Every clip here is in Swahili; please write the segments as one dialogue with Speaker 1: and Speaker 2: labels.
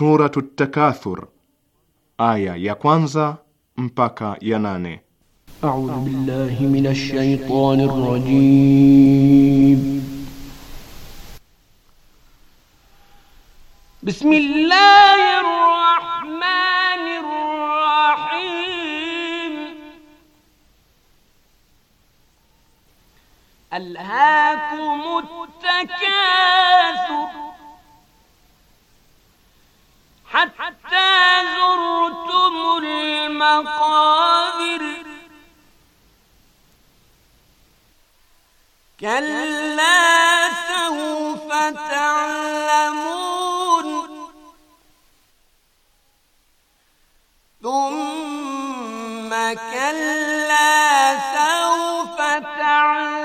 Speaker 1: Suratu Takathur aya ya kwanza mpaka ya nane.
Speaker 2: A'udhu billahi minash shaitani rrajim. Bismillahir rahmanir rahim. Alhaakumut takathur حتى زرتم المقابر كلا سوف تعلمون ثم كلا سوف تعلمون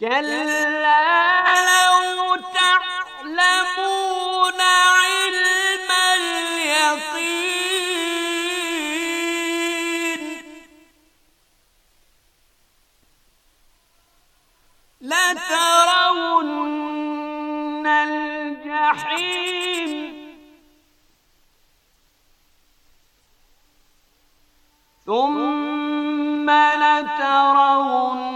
Speaker 2: كلا لو تعلمون علم اليقين لترون الجحيم ثم لترون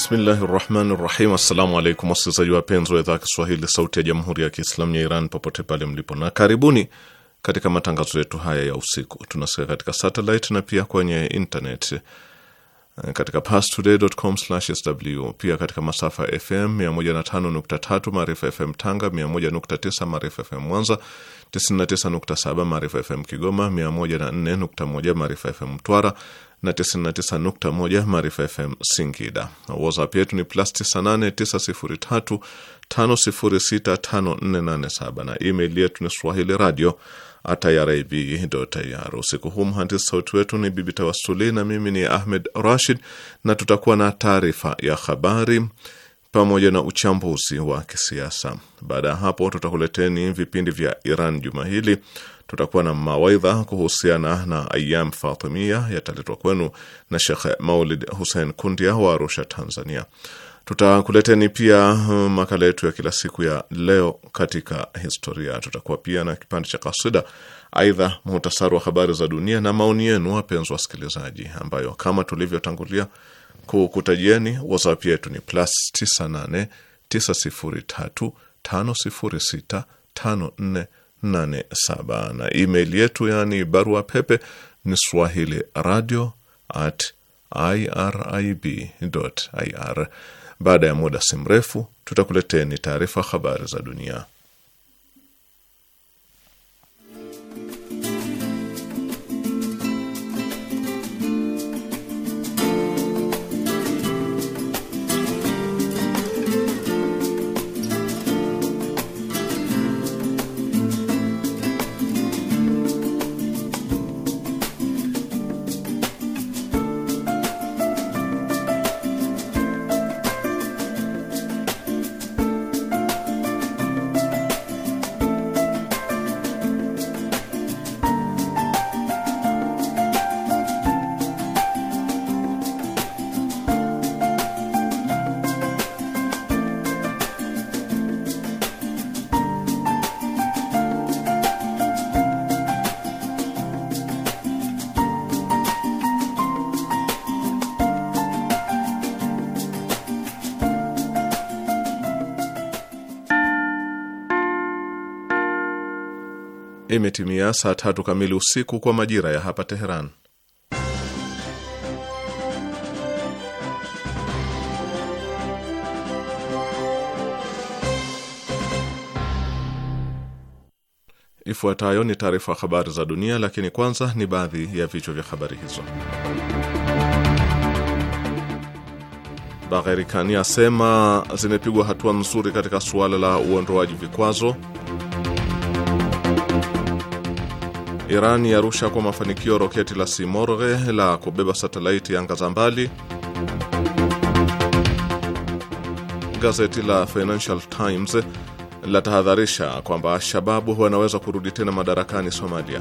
Speaker 1: Bismillahi rahmani rahim. Assalamu alaikum wasikilizaji wapenzi wa idhaa ya Kiswahili sauti ya jamhuri ya Kiislamu ya Iran popote pale mlipo, na karibuni katika matangazo yetu haya ya usiku. Tunasikia katika satellite na pia kwenye internet eh, katika pastoday.com/sw, pia katika masafa FM 105.3 Maarifa FM Tanga, 101.9 Maarifa FM Mwanza, 99.7 Maarifa FM Kigoma, 104.1 Maarifa FM Mtwara na 99.1 Maarifa FM Singida. WhatsApp yetu ni plus 989035065487 na email yetu ni swahili radio irib.ir. Usiku huu mhandisi sauti wetu ni Bibi Tawasuli na mimi ni Ahmed Rashid, na tutakuwa na taarifa ya habari pamoja na uchambuzi wa kisiasa. Baada ya hapo, tutakuleteni vipindi vya Iran juma hili Tutakuwa na mawaidha kuhusiana na Ayam Fatimia, yataletwa kwenu na Shekh Maulid Hussein Kundia wa Arusha, Tanzania. Tutakuleteni pia hmm, makala yetu ya kila siku ya leo katika historia. Tutakuwa pia na kipande cha kasida, aidha muhtasari wa habari za dunia na maoni yenu, wapenzi wasikilizaji, ambayo kama tulivyotangulia kukutajieni, WhatsApp yetu ni plus 98 903 506 54 97 na email yetu yaani barua pepe ni swahili radio at irib ir. Baada ya muda si mrefu tutakuleteni taarifa habari za dunia. imetimia saa tatu kamili usiku kwa majira ya hapa Teheran. Ifuatayo ni taarifa habari za dunia, lakini kwanza ni baadhi ya vichwa vya habari hizo. Bagherikani asema zimepigwa hatua nzuri katika suala la uondoaji vikwazo. Iran yarusha kwa mafanikio roketi la Simorghe la kubeba satelaiti anga za mbali. Gazeti la Financial Times latahadharisha kwamba shababu wanaweza kurudi tena madarakani Somalia.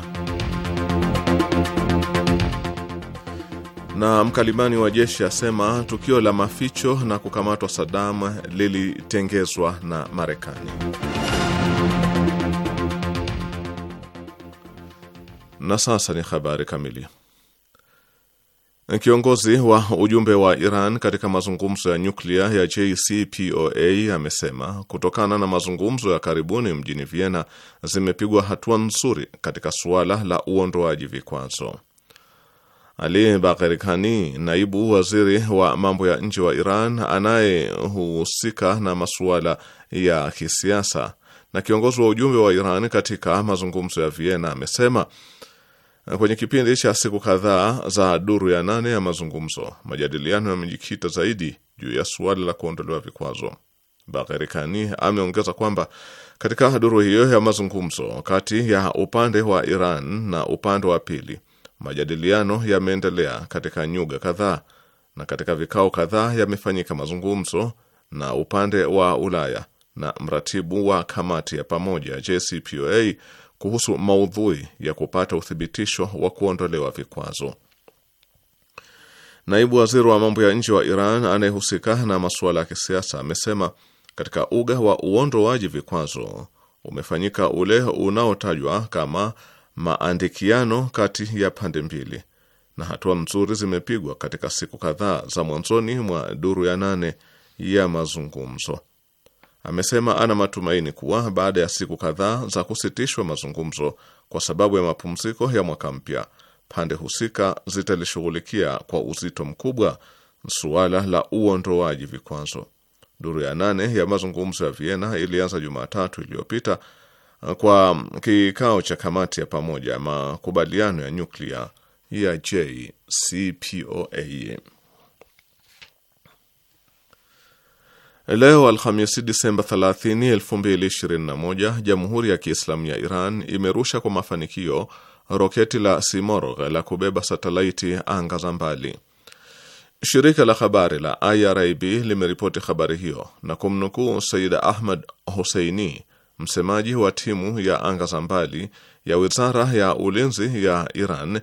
Speaker 1: Na mkalimani wa jeshi asema tukio la maficho na kukamatwa Saddam lilitengezwa na Marekani. Na sasa ni habari kamili. Kiongozi wa ujumbe wa Iran katika mazungumzo ya nyuklia ya JCPOA amesema kutokana na mazungumzo ya karibuni mjini Vienna zimepigwa hatua nzuri katika suala la uondoaji vikwazo. Ali Bagherikani, naibu waziri wa mambo ya nje wa Iran anayehusika na masuala ya kisiasa na kiongozi wa ujumbe wa Iran katika mazungumzo ya Vienna, amesema Kwenye kipindi cha siku kadhaa za duru ya nane ya mazungumzo, majadiliano yamejikita zaidi juu ya suala la kuondolewa vikwazo. Bagheri Kani ameongeza kwamba katika duru hiyo ya mazungumzo kati ya upande wa Iran na upande wa pili, majadiliano yameendelea katika nyuga kadhaa na katika vikao kadhaa yamefanyika mazungumzo na upande wa Ulaya na mratibu wa kamati ya pamoja JCPOA kuhusu maudhui ya kupata uthibitisho wa kuondolewa vikwazo. Naibu waziri wa mambo ya nje wa Iran anayehusika na masuala ya kisiasa amesema katika uga wa uondoaji vikwazo umefanyika ule unaotajwa kama maandikiano kati ya pande mbili, na hatua nzuri zimepigwa katika siku kadhaa za mwanzoni mwa duru ya nane ya mazungumzo amesema ana matumaini kuwa baada ya siku kadhaa za kusitishwa mazungumzo kwa sababu ya mapumziko ya mwaka mpya, pande husika zitalishughulikia kwa uzito mkubwa suala la uondoaji vikwazo. Duru ya nane ya mazungumzo ya Vienna ilianza Jumatatu iliyopita kwa kikao cha kamati ya pamoja makubaliano ya nyuklia ya JCPOA. Leo Alhamisi, Disemba 30, 2021, Jamhuri ya Kiislamu ya Iran imerusha kwa mafanikio roketi la Simorgh la kubeba satelaiti anga za mbali. Shirika la habari la IRIB limeripoti habari hiyo na kumnukuu said Ahmad Huseini, msemaji wa timu ya anga za mbali ya wizara ya ulinzi ya Iran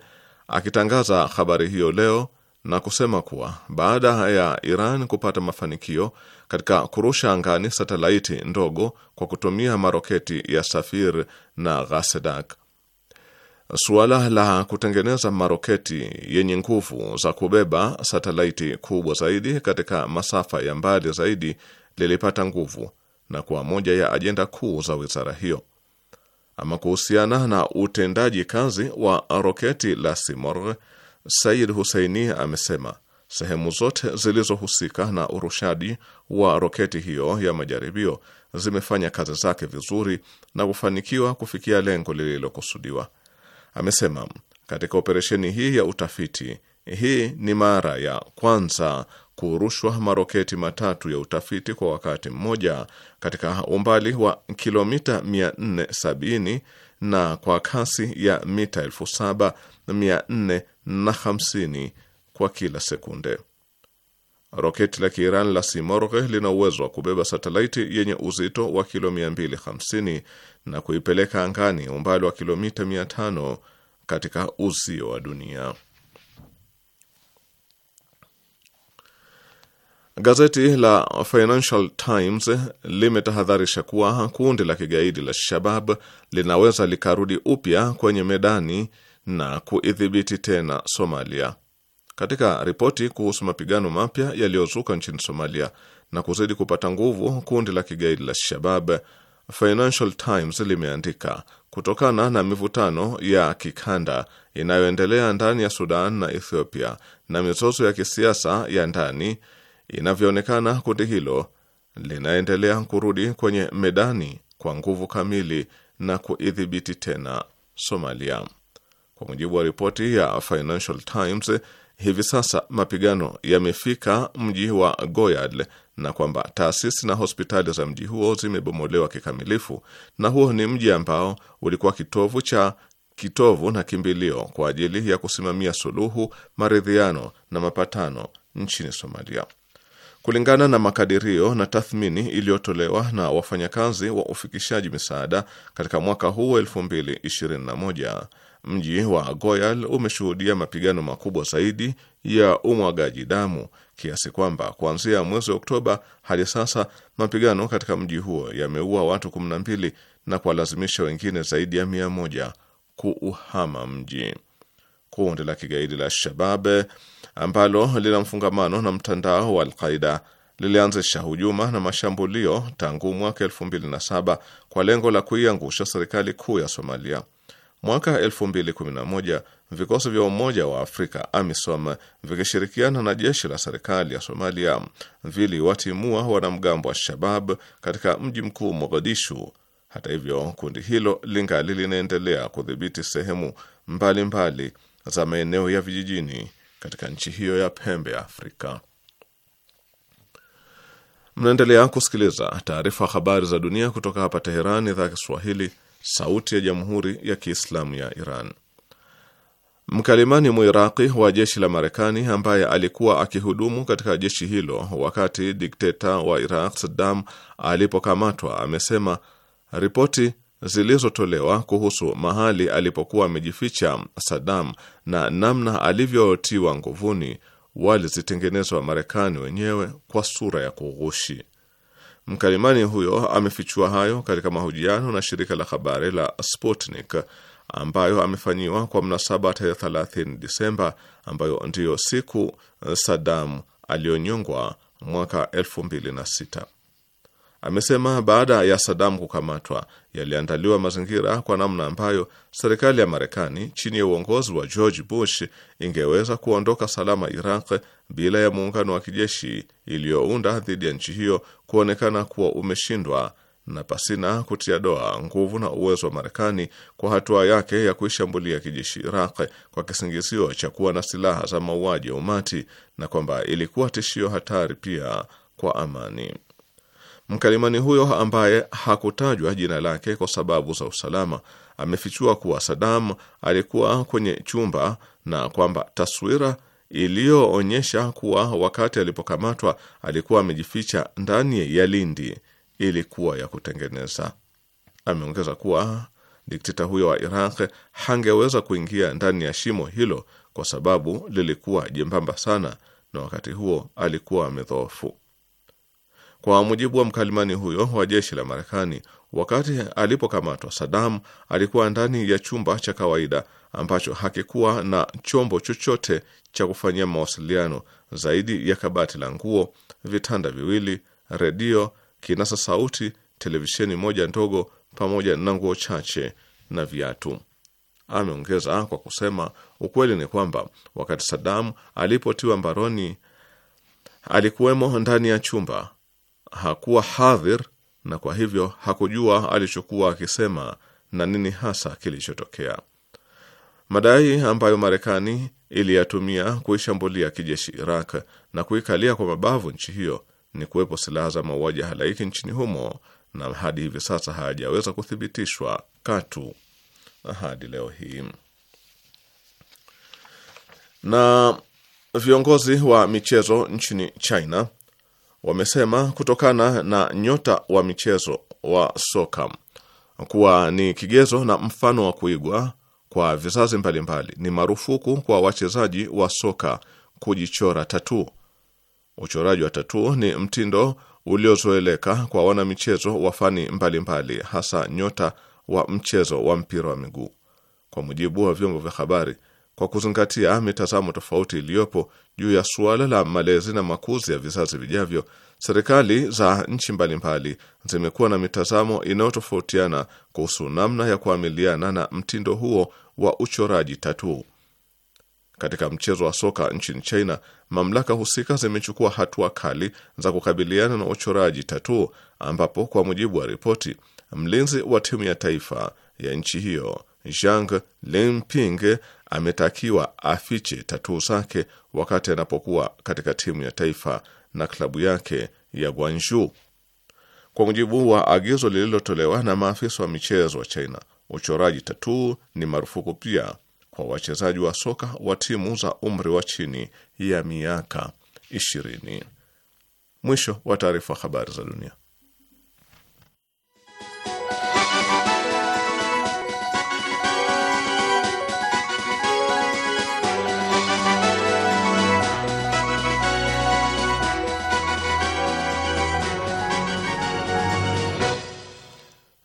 Speaker 1: akitangaza habari hiyo leo na kusema kuwa baada ya Iran kupata mafanikio katika kurusha angani satelaiti ndogo kwa kutumia maroketi ya Safir na Ghasedak. Suala la kutengeneza maroketi yenye nguvu za kubeba satelaiti kubwa zaidi katika masafa ya mbali zaidi lilipata nguvu na kuwa moja ya ajenda kuu za wizara hiyo. Ama kuhusiana na utendaji kazi wa roketi la Simorgh, Said Huseini amesema Sehemu zote zilizohusika na urushaji wa roketi hiyo ya majaribio zimefanya kazi zake vizuri na kufanikiwa kufikia lengo lililokusudiwa, amesema. Katika operesheni hii ya utafiti, hii ni mara ya kwanza kurushwa maroketi matatu ya utafiti kwa wakati mmoja katika umbali wa kilomita 470 na kwa kasi ya mita 7450 kwa kila sekunde. Roketi la Kiiran la Simorghe lina uwezo wa kubeba satelaiti yenye uzito wa kilo 250 na kuipeleka angani umbali wa kilomita 500 katika uzio wa dunia. Gazeti la Financial Times limetahadharisha kuwa kundi la kigaidi la Shabab linaweza likarudi upya kwenye medani na kuidhibiti tena Somalia. Katika ripoti kuhusu mapigano mapya yaliyozuka nchini Somalia na kuzidi kupata nguvu kundi la kigaidi la Shabab, Financial Times limeandika kutokana na mivutano ya kikanda inayoendelea ndani ya Sudan na Ethiopia na mizozo ya kisiasa ya ndani, inavyoonekana kundi hilo linaendelea kurudi kwenye medani kwa nguvu kamili na kuidhibiti tena Somalia. Kwa mujibu wa ripoti ya Financial Times, hivi sasa mapigano yamefika mji wa Goyal na kwamba taasisi na hospitali za mji huo zimebomolewa kikamilifu, na huo ni mji ambao ulikuwa kitovu cha kitovu na kimbilio kwa ajili ya kusimamia suluhu, maridhiano na mapatano nchini Somalia. Kulingana na makadirio na tathmini iliyotolewa na wafanyakazi wa ufikishaji misaada katika mwaka huu wa 2021 Mji wa Goyal umeshuhudia mapigano makubwa zaidi ya umwagaji damu kiasi kwamba kuanzia mwezi Oktoba hadi sasa mapigano katika mji huo yameua watu 12 na kuwalazimisha wengine zaidi ya mia moja kuuhama mji. Kundi la kigaidi la Shabab ambalo lina mfungamano na mtandao wa Alqaida lilianzisha hujuma na mashambulio tangu mwaka 2007 kwa lengo la kuiangusha serikali kuu ya Somalia. Mwaka 2011 vikosi vya Umoja wa Afrika AMISOM vikishirikiana na jeshi la serikali ya Somalia viliwatimua wanamgambo wa Shabab katika mji mkuu Mogadishu. Hata hivyo, kundi hilo lingali linaendelea kudhibiti sehemu mbalimbali mbali za maeneo ya vijijini katika nchi hiyo ya pembe ya Afrika. Mnaendelea kusikiliza taarifa habari za dunia kutoka hapa Teherani, idhaa Kiswahili, sauti ya jamhuri ya Kiislamu ya Iran. Mkalimani Muiraqi wa jeshi la Marekani ambaye alikuwa akihudumu katika jeshi hilo wakati dikteta wa Iraq Saddam alipokamatwa amesema ripoti zilizotolewa kuhusu mahali alipokuwa amejificha Saddam na namna alivyotiwa nguvuni walizitengenezwa Marekani wenyewe kwa sura ya kughushi. Mkalimani huyo amefichua hayo katika mahojiano na shirika la habari la Sputnik ambayo amefanyiwa kwa mnasaba tarehe 30 Disemba, ambayo ndiyo siku Saddam aliyonyongwa mwaka sita. Amesema baada ya Saddam kukamatwa, yaliandaliwa mazingira kwa namna ambayo serikali ya Marekani chini ya uongozi wa George Bush ingeweza kuondoka salama Iraq bila ya muungano wa kijeshi iliyounda dhidi ya nchi hiyo kuonekana kuwa umeshindwa na pasina kutia doa nguvu na uwezo wa Marekani kwa hatua yake ya kuishambulia kijeshi Iraq kwa kisingizio cha kuwa na silaha za mauaji ya umati na kwamba ilikuwa tishio hatari pia kwa amani. Mkalimani huyo ambaye hakutajwa jina lake kwa sababu za usalama, amefichua kuwa Saddam alikuwa kwenye chumba na kwamba taswira iliyoonyesha kuwa wakati alipokamatwa alikuwa amejificha ndani ya lindi ilikuwa ya kutengeneza. Ameongeza kuwa dikteta huyo wa Iraq hangeweza kuingia ndani ya shimo hilo kwa sababu lilikuwa jembamba sana, na wakati huo alikuwa amedhoofu. Kwa mujibu wa mkalimani huyo wa jeshi la Marekani, wakati alipokamatwa Saddam alikuwa ndani ya chumba cha kawaida ambacho hakikuwa na chombo chochote cha kufanyia mawasiliano zaidi ya kabati la nguo, vitanda viwili, redio, kinasa sauti, televisheni moja ndogo, pamoja na nguo chache na viatu. Ameongeza kwa kusema, ukweli ni kwamba wakati Saddam alipotiwa mbaroni alikuwemo ndani ya chumba hakuwa hadhir na kwa hivyo hakujua alichokuwa akisema na nini hasa kilichotokea. Madai ambayo Marekani iliyatumia kuishambulia kijeshi Iraq na kuikalia kwa mabavu nchi hiyo ni kuwepo silaha za mauaji halaiki nchini humo, na hadi hivi sasa hayajaweza kuthibitishwa katu hadi leo hii. Na viongozi wa michezo nchini China wamesema kutokana na nyota wa michezo wa soka kuwa ni kigezo na mfano wa kuigwa kwa vizazi mbalimbali, ni marufuku kwa wachezaji wa soka kujichora tatuu. Uchoraji wa tatuu ni mtindo uliozoeleka kwa wanamichezo wa fani mbalimbali, hasa nyota wa mchezo wa mpira wa miguu. Kwa mujibu wa vyombo vya habari kwa kuzingatia mitazamo tofauti iliyopo juu ya suala la malezi na makuzi ya vizazi vijavyo, serikali za nchi mbalimbali zimekuwa na mitazamo inayotofautiana kuhusu namna ya kuamiliana na mtindo huo wa uchoraji tatuu. Katika mchezo wa soka nchini China, mamlaka husika zimechukua hatua kali za kukabiliana na uchoraji tatuu, ambapo kwa mujibu wa ripoti, mlinzi wa timu ya taifa ya nchi hiyo Zhang Linping ametakiwa afiche tatuu zake wakati anapokuwa katika timu ya taifa na klabu yake ya Guangzhou. Kwa mujibu wa agizo lililotolewa na maafisa wa michezo wa China, uchoraji tatuu ni marufuku pia kwa wachezaji wa soka wa timu za umri wa chini ya miaka ishirini. Mwisho wa taarifa. Habari za dunia.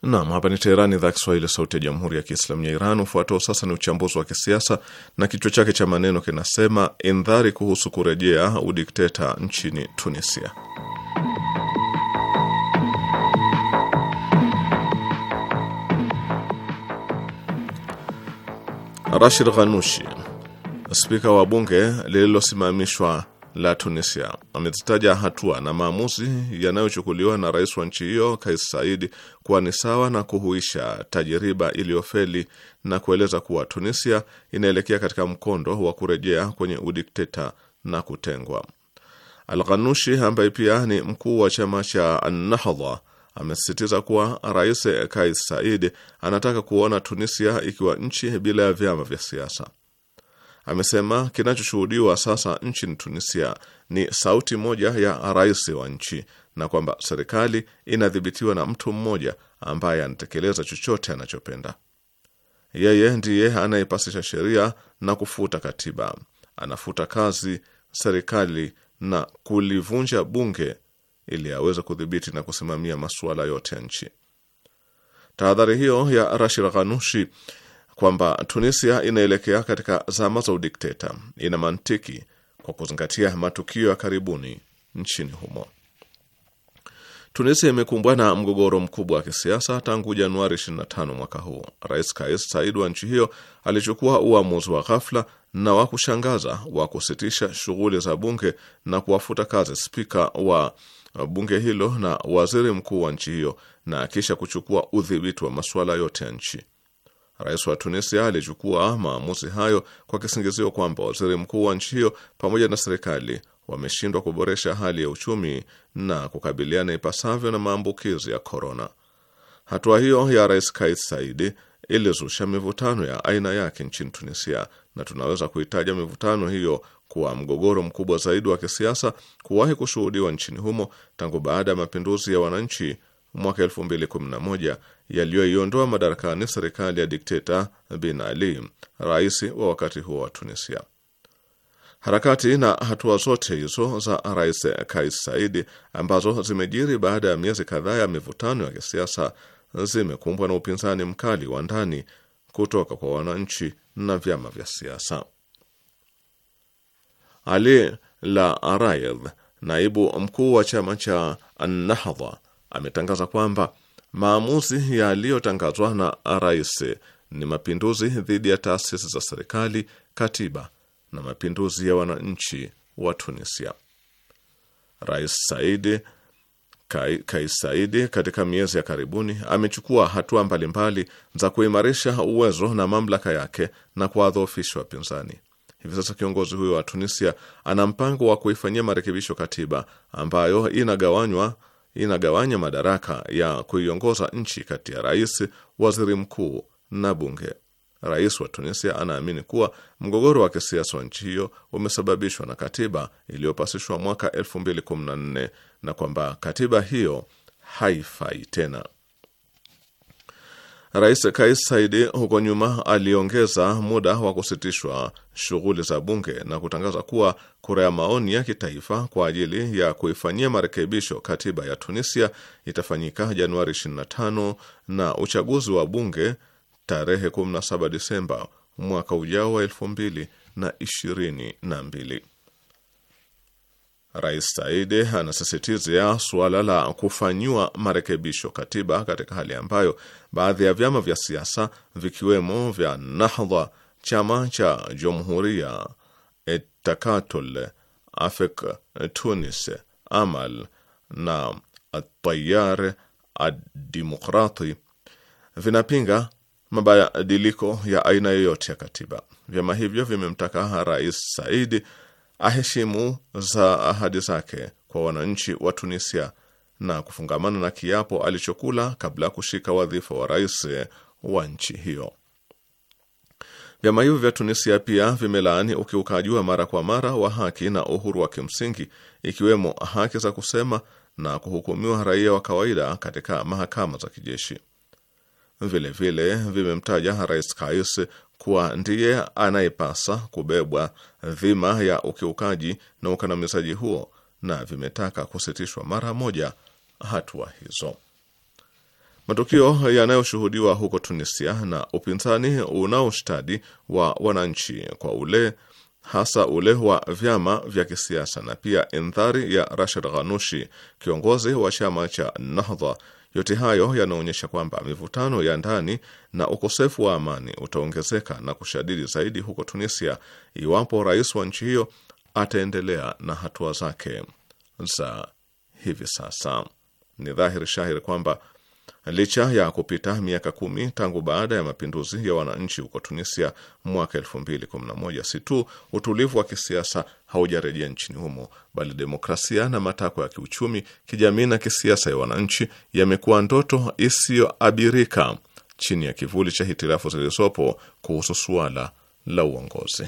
Speaker 1: Nam, hapa ni Teherani, idhaa Kiswahili, sauti ya jamhuri ya kiislamu ya Iran. Ufuatao sasa ni uchambuzi wa kisiasa na kichwa chake cha maneno kinasema indhari kuhusu kurejea udikteta nchini Tunisia. Rashid Ghanushi, spika wa bunge lililosimamishwa la Tunisia amezitaja hatua na maamuzi yanayochukuliwa na rais wa nchi hiyo Kais Saidi kuwa ni sawa na kuhuisha tajiriba iliyofeli na kueleza kuwa Tunisia inaelekea katika mkondo wa kurejea kwenye udikteta na kutengwa. Al-Ghanushi ambaye pia ni mkuu wa chama cha nahdha amesisitiza kuwa rais Kais Saidi anataka kuona Tunisia ikiwa nchi bila ya vyama vya siasa amesema kinachoshuhudiwa sasa nchini Tunisia ni sauti moja ya rais wa nchi na kwamba serikali inadhibitiwa na mtu mmoja ambaye anatekeleza chochote anachopenda. Yeye ndiye anayepasisha sheria na kufuta katiba, anafuta kazi serikali na kulivunja bunge ili aweze kudhibiti na kusimamia masuala yote ya nchi. Tahadhari hiyo ya Rashid Ghanushi kwamba Tunisia inaelekea katika zama za udikteta ina mantiki kwa kuzingatia matukio ya karibuni nchini humo. Tunisia imekumbwa na mgogoro mkubwa wa kisiasa tangu Januari 25 mwaka huu. Rais Kais Saied wa nchi hiyo alichukua uamuzi wa ghafla na wa kushangaza wa kusitisha shughuli za bunge na kuwafuta kazi spika wa bunge hilo na waziri mkuu wa nchi hiyo na kisha kuchukua udhibiti wa masuala yote ya nchi. Rais wa Tunisia alichukua maamuzi hayo kwa kisingizio kwamba waziri mkuu wa nchi hiyo pamoja na serikali wameshindwa kuboresha hali ya uchumi na kukabiliana ipasavyo na maambukizi ya korona. Hatua hiyo ya Rais Kais Saidi ilizusha mivutano ya aina yake nchini Tunisia, na tunaweza kuitaja mivutano hiyo kuwa mgogoro mkubwa zaidi wa kisiasa kuwahi kushuhudiwa nchini humo tangu baada ya mapinduzi ya wananchi mwaka 2011 yaliyoiondoa madarakani serikali ya dikteta Bin Ali, rais wa wakati huo wa Tunisia. Harakati na hatua zote hizo za rais Kais Saidi ambazo zimejiri baada ya miezi kadhaa ya mivutano ya kisiasa zimekumbwa na upinzani mkali wa ndani kutoka kwa wananchi na vyama vya siasa. Ali La Araidh, naibu mkuu wa chama cha Nahdha, ametangaza kwamba Maamuzi yaliyotangazwa na rais ni mapinduzi dhidi ya taasisi za serikali, katiba na mapinduzi ya wananchi wa Tunisia. Rais Saidi Kais Saidi katika miezi ya karibuni amechukua hatua mbalimbali za kuimarisha uwezo na mamlaka yake na kuwadhoofisha wapinzani. Hivi sasa kiongozi huyo wa Tunisia ana mpango wa kuifanyia marekebisho katiba ambayo inagawanywa inagawanya madaraka ya kuiongoza nchi kati ya rais, waziri mkuu na bunge. Rais wa Tunisia anaamini kuwa mgogoro wa kisiasa wa nchi hiyo umesababishwa na katiba iliyopasishwa mwaka 2014 na kwamba katiba hiyo haifai tena. Rais Kais Saidi huko nyuma aliongeza muda wa kusitishwa shughuli za bunge na kutangaza kuwa kura ya maoni ya kitaifa kwa ajili ya kuifanyia marekebisho katiba ya Tunisia itafanyika Januari 25 na uchaguzi wa bunge tarehe 17 Disemba mwaka ujao wa 2022. Rais Saidi anasisitizia suala la kufanyiwa marekebisho katiba katika hali ambayo baadhi ya vyama vya siasa vikiwemo vya Nahdha, chama cha Jumhuria, Etakatul Afek Tunis, Amal na Atayar Adimokrati vinapinga mabadiliko ya aina yoyote ya katiba. Vyama hivyo vimemtaka Rais Saidi aheshimu za ahadi zake kwa wananchi wa Tunisia na kufungamana na kiapo alichokula kabla ya kushika wadhifa wa rais wa nchi hiyo. Vyama hivyo vya Tunisia pia vimelaani ukiukaji wa mara kwa mara wa haki na uhuru wa kimsingi ikiwemo haki za kusema na kuhukumiwa raia wa kawaida katika mahakama za kijeshi. Vilevile vimemtaja Rais Kais kuwa ndiye anayepasa kubebwa dhima ya ukiukaji na ukandamizaji huo na vimetaka kusitishwa mara moja hatua hizo. Matukio yanayoshuhudiwa huko Tunisia na upinzani unaoshtadi wa wananchi kwa ule hasa ule wa vyama vya kisiasa na pia indhari ya Rashid Ghanushi, kiongozi wa chama cha Nahdha. Yote hayo yanaonyesha kwamba mivutano ya ndani na ukosefu wa amani utaongezeka na kushadidi zaidi huko Tunisia iwapo rais wa nchi hiyo ataendelea na hatua zake za hivi sasa. Ni dhahiri shahiri kwamba Licha ya kupita miaka kumi tangu baada ya mapinduzi ya wananchi huko Tunisia mwaka moja. si tu utulivu wa kisiasa haujarejea nchini humo, bali demokrasia na matakwa ya kiuchumi, kijamii na kisiasa ya wananchi yamekuwa ndoto isiyoabirika chini ya kivuli cha hitilafu zilizopo kuhusu suala la uongozi.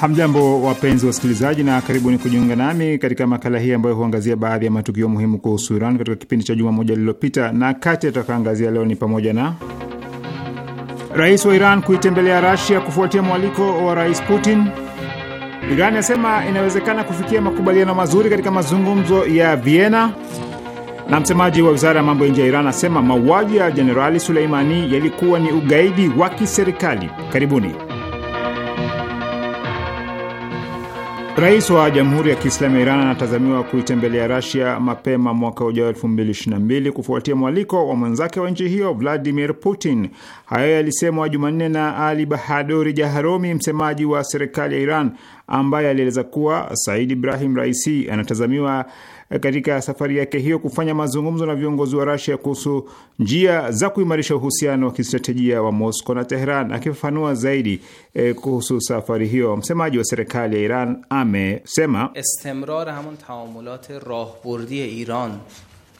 Speaker 3: Hamjambo, wapenzi wasikilizaji, na karibuni kujiunga nami katika makala hii ambayo huangazia baadhi ya matukio muhimu kuhusu Iran katika kipindi cha juma moja lililopita, na kati yatakaangazia leo ni pamoja na rais wa Iran kuitembelea rasia kufuatia mwaliko wa Rais Putin, Iran yasema inawezekana kufikia makubaliano mazuri katika mazungumzo ya Vienna, na msemaji wa wizara ya mambo ya nje ya Iran asema mauaji ya Jenerali Suleimani yalikuwa ni ugaidi wa kiserikali. Karibuni. Rais wa Jamhuri ya Kiislamu ya Iran anatazamiwa kuitembelea Rasia mapema mwaka ujao 2022 kufuatia mwaliko wa mwenzake wa nchi hiyo Vladimir Putin. Hayo yalisemwa Jumanne na Ali Bahadori Jaharomi, msemaji wa serikali ya Iran, ambaye alieleza kuwa Said Ibrahim Raisi anatazamiwa katika safari yake hiyo kufanya mazungumzo na viongozi wa Rasia kuhusu njia za kuimarisha uhusiano wa kistratejia wa Moscow na Teheran. Akifafanua zaidi eh, kuhusu safari hiyo, msemaji wa serikali ya Iran amesema
Speaker 4: istimrar hamon taamulat rahburdi iran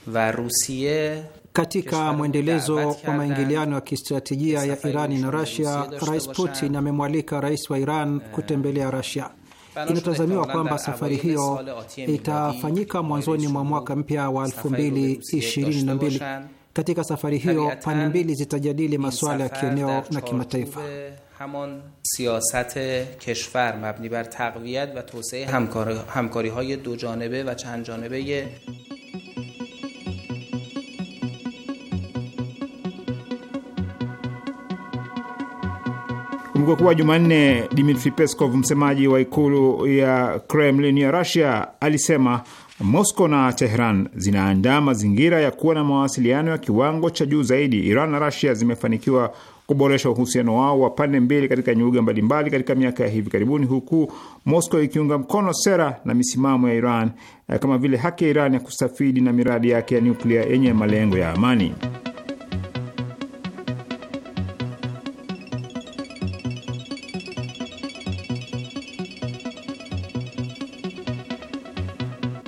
Speaker 4: va rusiye katika mwendelezo wa maingiliano ya kistratejia ya Irani na Rasia, Rais Putin amemwalika rais wa Iran eh. kutembelea Rasia. Inatazamiwa kwamba safari hiyo itafanyika mwanzoni mwa mwaka mpya wa 2022. Katika safari hiyo pande mbili zitajadili masuala ya kieneo na kimataifa. همان سیاست کشور مبنی بر تقویت و توسعه همکاری های دو جانبه و چند جانبه
Speaker 3: Kumbuka kuwa Jumanne, Dmitri Peskov, msemaji wa ikulu ya Kremlin ya Rusia, alisema mosco na Tehran zinaandaa mazingira ya kuwa na mawasiliano ya kiwango cha juu zaidi. Iran na Rusia zimefanikiwa kuboresha uhusiano wao wa pande mbili katika nyuga mbalimbali katika miaka ya hivi karibuni, huku mosco ikiunga mkono sera na misimamo ya Iran eh, kama vile haki ya Iran ya kustafidi na miradi yake ya nyuklia yenye malengo ya amani.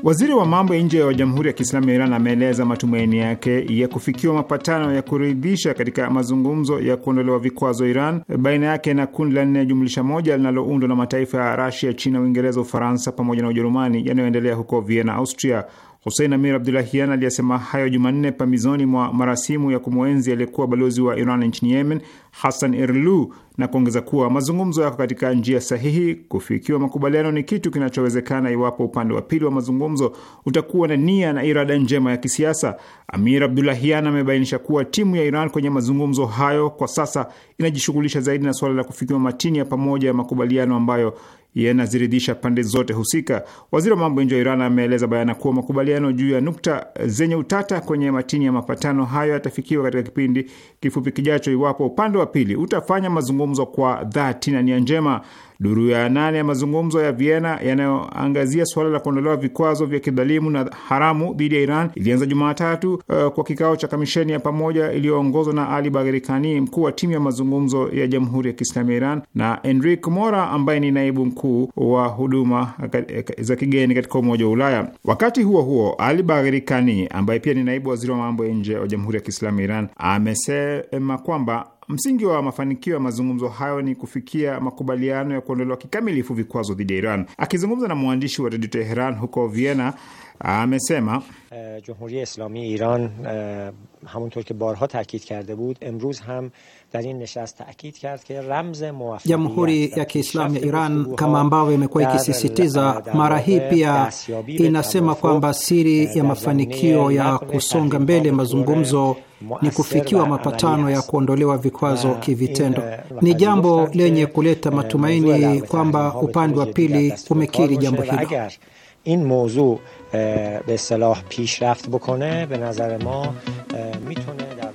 Speaker 3: Waziri wa mambo ya nje wa Jamhuri ya Kiislamu ya Iran ameeleza matumaini yake ya kufikiwa mapatano ya kuridhisha katika mazungumzo ya kuondolewa vikwazo Iran baina yake na kundi la nne ya jumlisha moja linaloundwa na mataifa ya Rasia, China, Uingereza, Ufaransa pamoja na Ujerumani yanayoendelea huko Vienna, Austria. Husein Amir Abdulahian aliyesema hayo Jumanne pamizoni mwa marasimu ya kumwenzi aliyekuwa balozi wa Iran nchini Yemen, Hassan Irlu, na kuongeza kuwa mazungumzo yako katika njia sahihi. Kufikiwa makubaliano ni kitu kinachowezekana iwapo upande wa pili wa mazungumzo utakuwa na nia na irada njema ya kisiasa. Amir Abdulahian amebainisha kuwa timu ya Iran kwenye mazungumzo hayo kwa sasa inajishughulisha zaidi na suala la kufikiwa matini ya pamoja ya makubaliano ambayo yanaziridhisha pande zote husika. Waziri wa mambo ya nje wa Iran ameeleza bayana kuwa makubaliano juu ya nukta zenye utata kwenye matini ya mapatano hayo yatafikiwa katika kipindi kifupi kijacho, iwapo upande wa pili utafanya mazungumzo kwa dhati na nia njema. Duru ya nane ya mazungumzo ya Vienna yanayoangazia suala la kuondolewa vikwazo vya kidhalimu na haramu dhidi ya Iran ilianza Jumatatu uh, kwa kikao cha kamisheni ya pamoja iliyoongozwa na Ali bagherikani mkuu wa timu ya mazungumzo ya Jamhuri ya Kiislamu ya Iran, na Enrik Mora ambaye ni naibu mkuu wa huduma za kigeni katika Umoja wa Ulaya. Wakati huo huo, Ali bagherikani ambaye pia ni naibu waziri wa mambo ya nje wa Jamhuri ya Kiislamu ya Iran amesema kwamba Msingi wa mafanikio ya mazungumzo hayo ni kufikia makubaliano ya kuondolewa kikamilifu vikwazo dhidi ya Iran. Akizungumza na mwandishi wa redio Teheran huko Vienna, amesema
Speaker 4: Jamhuri ya Kiislamu ya Iran, kama ambavyo imekuwa ikisisitiza mara hii, pia inasema kwamba siri ya mafanikio ya kusonga mbele mazungumzo ni kufikiwa mapatano ya kuondolewa vikwazo kivitendo. Ni jambo lenye kuleta matumaini kwamba upande wa pili umekiri jambo hilo. به صلاح پیشرفت بکنه به نظر ما
Speaker 5: میتونه در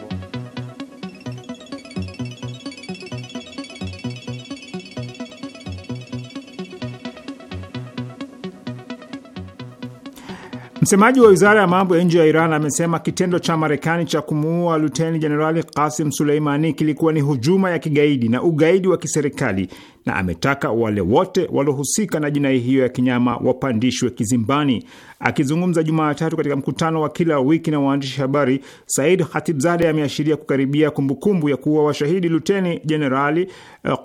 Speaker 3: Msemaji wa wizara ya mambo ya nje ya Iran amesema kitendo cha Marekani cha kumuua luteni jenerali Kasim Suleimani kilikuwa ni hujuma ya kigaidi na ugaidi wa kiserikali na ametaka wale wote waliohusika na jinai hiyo ya kinyama wapandishwe kizimbani. Akizungumza Jumatatu katika mkutano wa kila wiki na waandishi habari, Said hatibzade ameashiria kukaribia kumbukumbu ya kuua washahidi Luteni Jenerali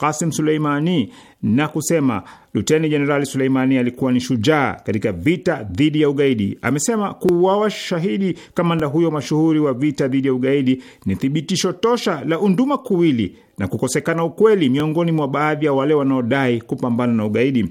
Speaker 3: Kasim eh, Suleimani na kusema Luteni Jenerali Suleimani alikuwa ni shujaa katika vita dhidi ya ugaidi. Amesema kuuawa shahidi kamanda huyo mashuhuri wa vita dhidi ya ugaidi ni thibitisho tosha la unduma kuwili na kukosekana ukweli miongoni mwa baadhi ya wale wanaodai kupambana na ugaidi.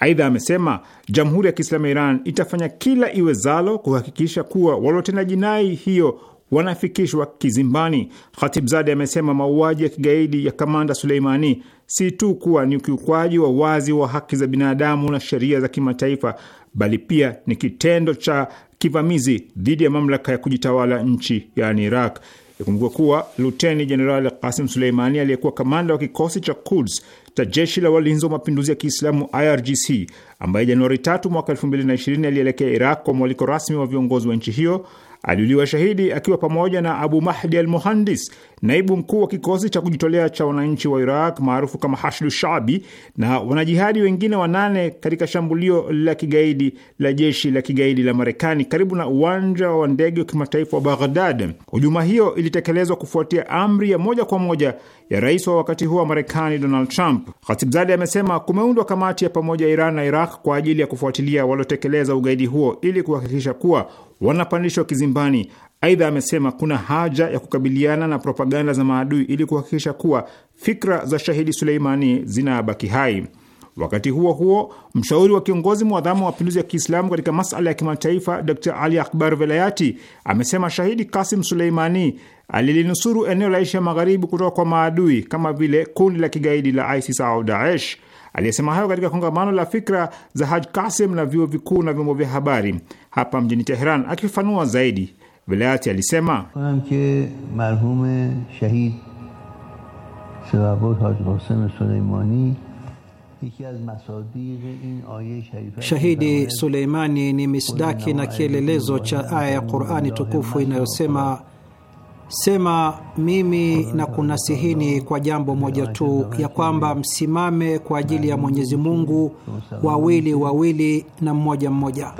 Speaker 3: Aidha, amesema Jamhuri ya Kiislamu ya Iran itafanya kila iwezalo kuhakikisha kuwa waliotenda jinai hiyo wanafikishwa kizimbani. Khatibzade amesema mauaji ya kigaidi ya kamanda Suleimani si tu kuwa ni ukiukwaji wa wazi wa haki za binadamu na sheria za kimataifa, bali pia ni kitendo cha kivamizi dhidi ya mamlaka ya kujitawala nchi yaani Iraq. Ikumbukwa kuwa Luteni Jenerali Kasim Suleimani aliyekuwa kamanda wa kikosi cha kuds cha jeshi la walinzi wa mapinduzi ya Kiislamu IRGC ambaye Januari 3 mwaka 2020 alielekea Iraq kwa mwaliko rasmi wa viongozi wa nchi hiyo aliuliwa shahidi akiwa pamoja na Abu Mahdi al Muhandis, naibu mkuu wa kikosi cha kujitolea cha wananchi wa Iraq maarufu kama Hashdu Shabi, na wanajihadi wengine wanane katika shambulio la kigaidi la jeshi la kigaidi la Marekani karibu na uwanja wa ndege wa kimataifa wa Baghdad. Hujuma hiyo ilitekelezwa kufuatia amri ya moja kwa moja ya rais wa wakati huo wa Marekani, Donald Trump. Khatibzadi amesema kumeundwa kamati ya pamoja Iran na Iraq kwa ajili ya kufuatilia waliotekeleza ugaidi huo ili kuhakikisha kuwa wanapandishwa kizimbani. Aidha, amesema kuna haja ya kukabiliana na propaganda za maadui ili kuhakikisha kuwa fikra za shahidi Suleimani zinabaki hai. Wakati huo huo, mshauri wa kiongozi mwadhamu wa mapinduzi ya Kiislamu katika masala ya kimataifa Dr Ali Akbar Velayati amesema shahidi Kasim Suleimani alilinusuru eneo la Asia Magharibi kutoka kwa maadui kama vile kundi la kigaidi la ISIS au Daesh. Aliyesema hayo katika kongamano la fikra za Haj Kasim na vyuo vikuu na vyombo vya habari hapa mjini Teheran. Akifafanua zaidi, Velayati alisema
Speaker 6: shahidi Suleimani
Speaker 4: ni misdaki na kielelezo cha aya ya Qurani tukufu inayosema Sema, mimi na kunasihini kwa jambo moja tu, ya kwamba msimame kwa ajili ya Mwenyezi Mungu wawili wawili na mmoja mmoja.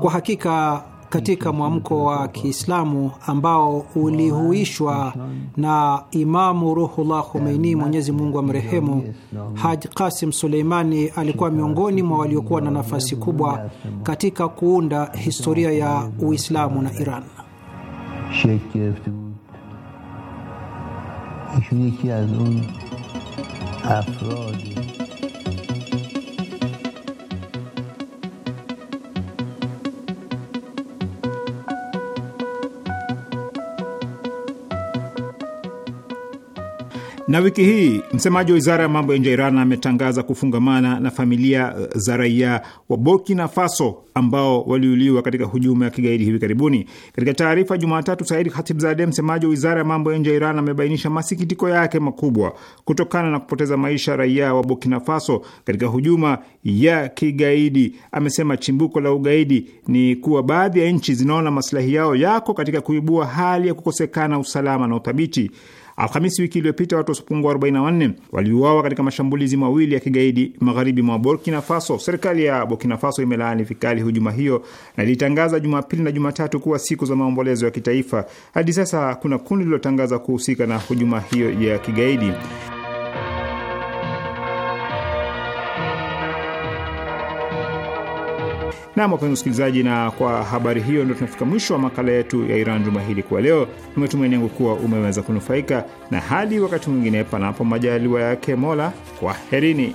Speaker 4: Kwa hakika katika mwamko wa Kiislamu ambao ulihuishwa na Imamu Ruhullah Khomeini, Mwenyezi Mungu mrehemu haj Qasim Suleimani alikuwa miongoni mwa waliokuwa na nafasi kubwa katika kuunda historia ya Uislamu na Iran.
Speaker 6: شکل گرفته بود ایشون یکی از اون افرادی
Speaker 3: Na wiki hii msemaji wa wizara ya mambo ya nje ya Iran ametangaza kufungamana na familia eh, za raia wa Burkina Faso ambao waliuliwa katika hujuma ya kigaidi hivi karibuni. Katika taarifa Jumatatu, Said Khatibzadeh, msemaji wa wizara ya mambo ya nje ya Iran, amebainisha masikitiko yake makubwa kutokana na kupoteza maisha raia wa Burkina Faso katika hujuma ya kigaidi. Amesema chimbuko la ugaidi ni kuwa baadhi ya nchi zinaona masilahi yao yako katika kuibua hali ya kukosekana usalama na uthabiti. Alhamisi wiki iliyopita watu wasiopungua 44 waliuawa katika mashambulizi mawili ya kigaidi magharibi mwa Burkina Faso. Serikali ya Burkina Faso imelaani vikali hujuma hiyo na ilitangaza Jumapili na Jumatatu kuwa siku za maombolezo ya kitaifa. Hadi sasa kuna kundi lililotangaza kuhusika na hujuma hiyo ya kigaidi. Na wapenzi wasikilizaji, na kwa habari hiyo ndio tunafika mwisho wa makala yetu ya Iran juma hili kwa leo. Tumetumaini yangu kuwa umeweza kunufaika, na hadi wakati mwingine, panapo majaliwa yake Mola, kwaherini.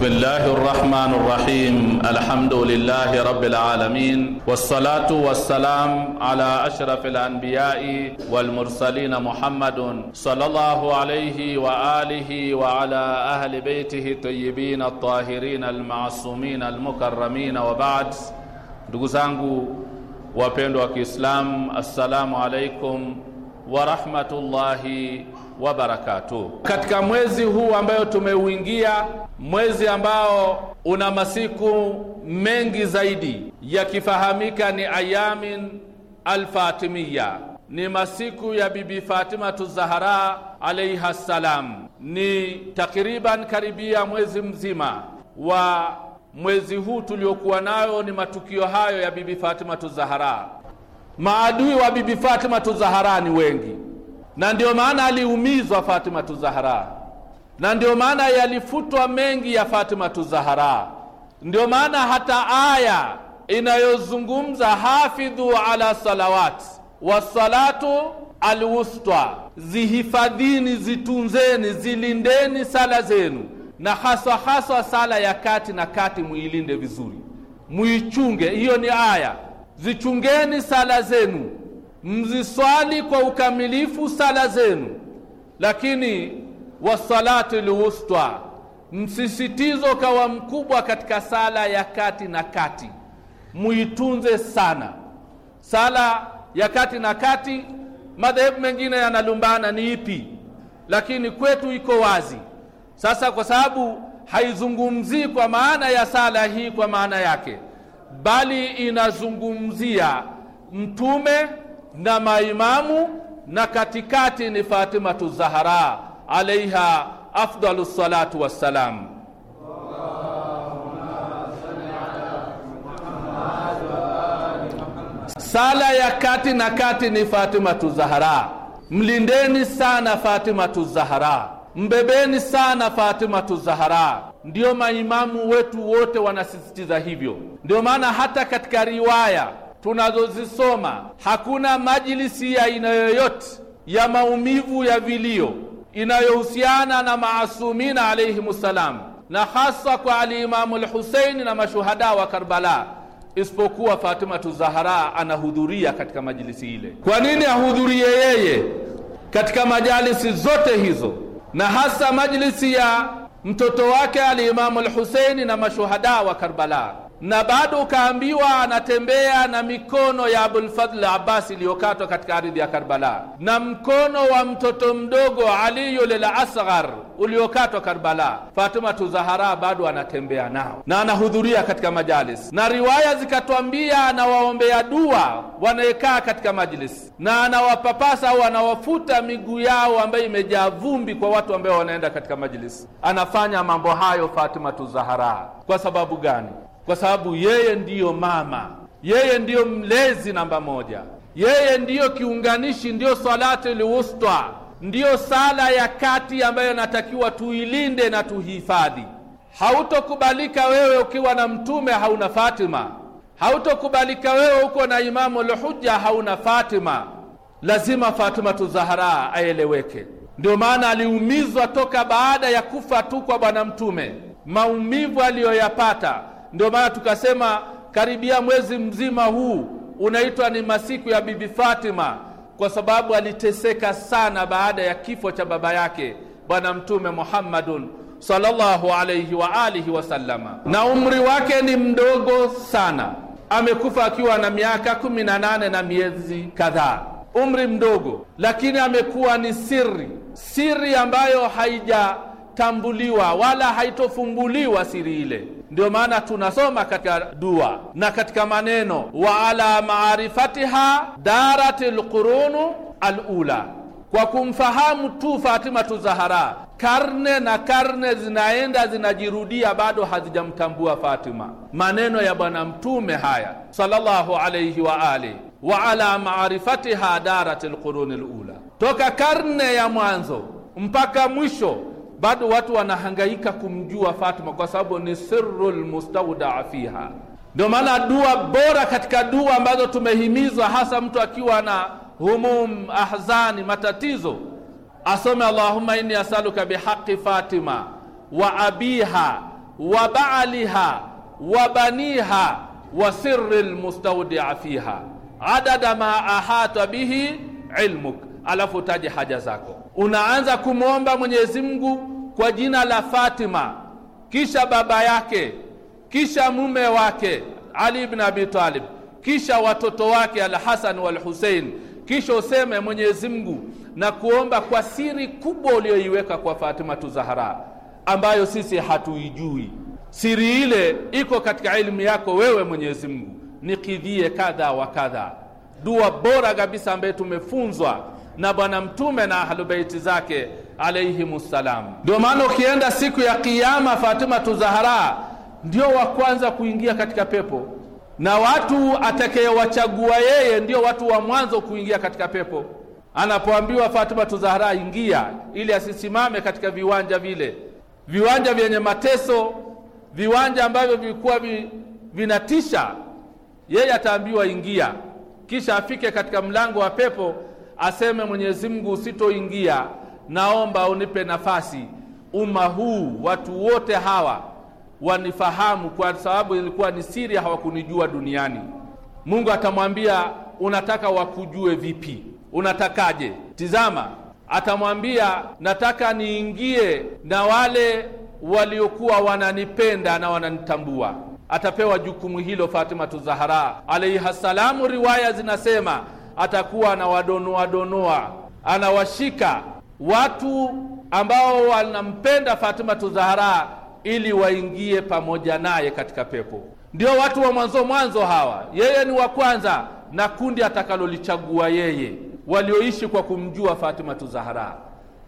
Speaker 7: بسم الله الرحمن الرحيم الحمد لله رب العالمين والصلاة والسلام على أشرف الأنبياء والمرسلين محمد صلى الله عليه وآله وعلى أهل بيته الطيبين الطاهرين المعصومين المكرمين وبعد دقزانقو وبيندوك إسلام السلام عليكم ورحمة الله barakatuh. Katika mwezi huu ambayo tumeuingia, mwezi ambao una masiku mengi zaidi yakifahamika ni ayamin alfatimiya, ni masiku ya Bibi Fatima Zahara alaiha ssalam, ni takriban karibia mwezi mzima wa mwezi huu tuliokuwa nayo ni matukio hayo ya Bibi Fatima Zahara. Maadui wa Bibi Fatima Zahara ni wengi na ndio maana aliumizwa Fatima Tuzahara, na ndio maana yalifutwa mengi ya Fatima Tuzahara. Ndio maana hata aya inayozungumza hafidhu ala salawat wasalatu alwusta, zihifadhini, zitunzeni, zilindeni sala zenu, na haswa haswa sala ya kati na kati muilinde vizuri, muichunge. Hiyo ni aya, zichungeni sala zenu mziswali kwa ukamilifu sala zenu, lakini wasalati lwusta, msisitizo kawa mkubwa katika sala ya kati na kati, muitunze sana sala ya kati na kati. Madhehebu mengine yanalumbana ni ipi, lakini kwetu iko wazi. Sasa kwa sababu haizungumzii kwa maana ya sala hii kwa maana yake, bali inazungumzia Mtume na maimamu na katikati ni Fatimatu Zahara alaiha afdalu salatu wassalam. Sala ya kati na kati ni Fatimatu Zahra. Mlindeni sana Fatimatu Zahra, mbebeni sana Fatimatu Zahara. Ndiyo maimamu wetu wote wanasisitiza hivyo, ndio maana hata katika riwaya tunazozisoma hakuna majlisi ya aina yoyote ya maumivu ya vilio inayohusiana na maasumina salam, na hasa kwa alimamu Lhuseini na mashuhada wa Karbala, isipokuwa Fatimatu Zahara anahudhuria katika majlisi ile. Kwa nini ahudhurie yeye katika majalisi zote hizo, na hasa majlisi ya mtoto wake alimamu Lhuseini na mashuhada wa Karbala? na bado ukaambiwa anatembea na mikono ya Abulfadl Abbas iliyokatwa katika ardhi ya Karbala na mkono wa mtoto mdogo Aliyul Asghar uliokatwa Karbala. fatumatu zahara bado anatembea nao na anahudhuria katika majalis, na riwaya zikatwambia anawaombea dua wanayekaa katika majlis, na anawapapasa au anawafuta miguu yao ambayo imejaa vumbi kwa watu ambao wanaenda katika majlis. Anafanya mambo hayo fatimatu zahara kwa sababu gani? kwa sababu yeye ndiyo mama, yeye ndiyo mlezi namba moja, yeye ndiyo kiunganishi, ndiyo salatu wusta, ndiyo sala ya kati ambayo natakiwa tuilinde na tuhifadhi. Hautokubalika wewe ukiwa na mtume hauna Fatima, hautokubalika wewe uko na Imamu Lhuja hauna Fatima. Lazima Fatima Tuzahara aeleweke. Ndio maana aliumizwa toka baada ya kufa tu kwa Bwana Mtume, maumivu aliyoyapata ndio maana tukasema karibia mwezi mzima huu unaitwa ni masiku ya bibi Fatima kwa sababu aliteseka sana baada ya kifo cha baba yake bwana mtume Muhammadun sallallahu alayhi wa alihi wasallama, na umri wake ni mdogo sana. Amekufa akiwa na miaka kumi na nane na miezi kadhaa, umri mdogo, lakini amekuwa ni siri, siri ambayo haija tambuliwa wala haitofumbuliwa siri ile. Ndio maana tunasoma katika dua na katika maneno, wa ala maarifatiha darat lqurunu alula, kwa kumfahamu tu Fatima Tuzahara, karne na karne zinaenda zinajirudia, bado hazijamtambua Fatima. Maneno ya Bwana Mtume haya sallallahu alayhi wa alihi wa ala maarifatiha darat lquruni lula, toka karne ya mwanzo mpaka mwisho bado watu wanahangaika kumjua fatima kwa sababu ni sirrul mustaudaa fiha. Ndio maana dua bora katika dua ambazo tumehimizwa, hasa mtu akiwa na humum, ahzani, matatizo, asome Allahumma inni asaluka bihaqi Fatima wa abiha wa baaliha wa baniha wa sirri lmustaudia fiha adada ma ahata bihi ilmuk, alafu utaje haja zako unaanza kumwomba Mwenyezi Mungu kwa jina la Fatima, kisha baba yake, kisha mume wake Ali ibn Abi Talib, kisha watoto wake Al-Hasan wal Hussein, kisha useme Mwenyezi Mungu na kuomba kwa siri kubwa uliyoiweka kwa Fatima Tuzahara, ambayo sisi hatuijui. Siri ile iko katika elimu yako wewe Mwenyezi Mungu, nikidhie kadha wa kadha. Dua bora kabisa ambayo tumefunzwa na Bwana Mtume na ahlubeiti zake ssalam Ndio maana ukienda siku ya kiama Fatima Tuzahara ndio wa kwanza kuingia katika pepo, na watu atakayewachagua yeye ndio watu wa mwanzo kuingia katika pepo. Anapoambiwa Fatima Tuzahara, ingia, ili asisimame katika viwanja vile, viwanja vyenye mateso, viwanja ambavyo vilikuwa vi, vinatisha, yeye ataambiwa ingia, kisha afike katika mlango wa pepo aseme Mwenyezi Mungu, usitoingia, naomba unipe nafasi. Umma huu watu wote hawa wanifahamu, kwa sababu ilikuwa ni siri, hawakunijua duniani. Mungu atamwambia unataka wakujue vipi? Unatakaje? Tizama, atamwambia nataka niingie na wale waliokuwa wananipenda na wananitambua. Atapewa jukumu hilo Fatima Tuzahara alaihi salamu. Riwaya zinasema atakuwa anawadonoa donoa, anawashika watu ambao wanampenda fatima Zahara ili waingie pamoja naye katika pepo. Ndio watu wa mwanzo mwanzo hawa, yeye ni wa kwanza na kundi atakalolichagua yeye, walioishi kwa kumjua fatima Zahara,